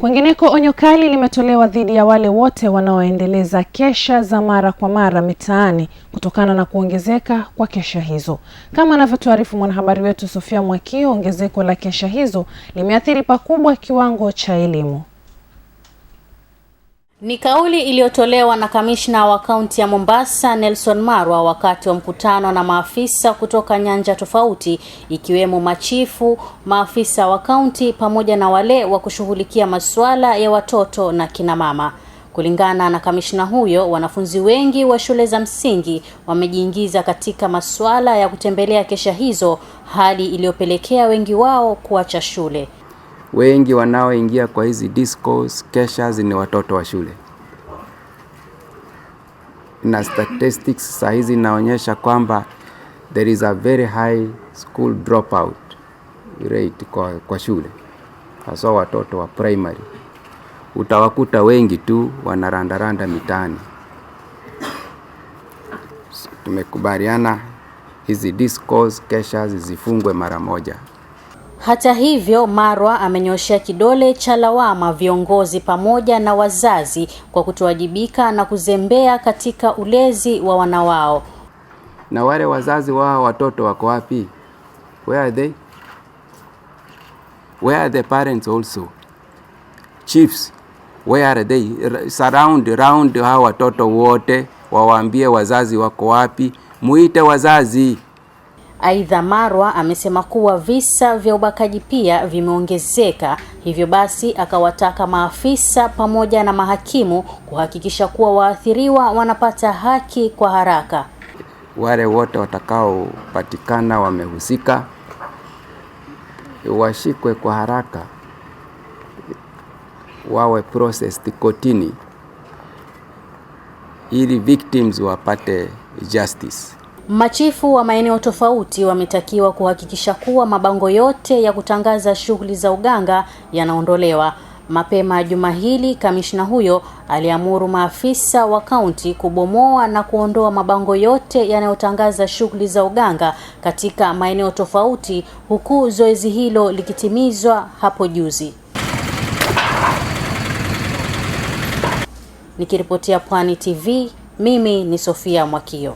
Kwingineko, onyo kali limetolewa dhidi ya wale wote wanaoendeleza kesha za mara kwa mara mitaani kutokana na kuongezeka kwa kesha hizo. Kama anavyotuarifu mwanahabari wetu Sofia Mwakio, ongezeko la kesha hizo limeathiri pakubwa kiwango cha elimu. Ni kauli iliyotolewa na kamishna wa kaunti ya Mombasa Nelson Marwa wakati wa mkutano na maafisa kutoka nyanja tofauti ikiwemo machifu, maafisa wa kaunti pamoja na wale wa kushughulikia masuala ya watoto na kinamama. Kulingana na kamishna huyo, wanafunzi wengi wa shule za msingi wamejiingiza katika masuala ya kutembelea kesha hizo, hali iliyopelekea wengi wao kuacha shule wengi wanaoingia kwa hizi discos keshas ni watoto wa shule, na statistics saa hizi inaonyesha kwamba there is a very high school dropout rate kwa, kwa shule haswa watoto wa primary. Utawakuta wengi tu wanarandaranda mitaani. Tumekubaliana hizi discos keshas zifungwe mara moja. Hata hivyo, Marwa amenyoshea kidole cha lawama viongozi pamoja na wazazi kwa kutowajibika na kuzembea katika ulezi wa wanawao Na wale wazazi wa watoto wako wapi? Where are they? Where are the parents also? Chiefs, where are they? Surround round hao watoto wote, wawaambie wazazi wako wapi, muite wazazi. Aidha, Marwa amesema kuwa visa vya ubakaji pia vimeongezeka, hivyo basi akawataka maafisa pamoja na mahakimu kuhakikisha kuwa waathiriwa wanapata haki kwa haraka. Wale wote watakaopatikana wamehusika washikwe kwa haraka, wawe processed kotini ili victims wapate justice. Machifu wa maeneo tofauti wametakiwa kuhakikisha kuwa mabango yote ya kutangaza shughuli za uganga yanaondolewa. Mapema juma hili, kamishna huyo aliamuru maafisa wa kaunti kubomoa na kuondoa mabango yote yanayotangaza shughuli za uganga katika maeneo tofauti, huku zoezi hilo likitimizwa hapo juzi. Nikiripotia Pwani TV, mimi ni Sofia Mwakio.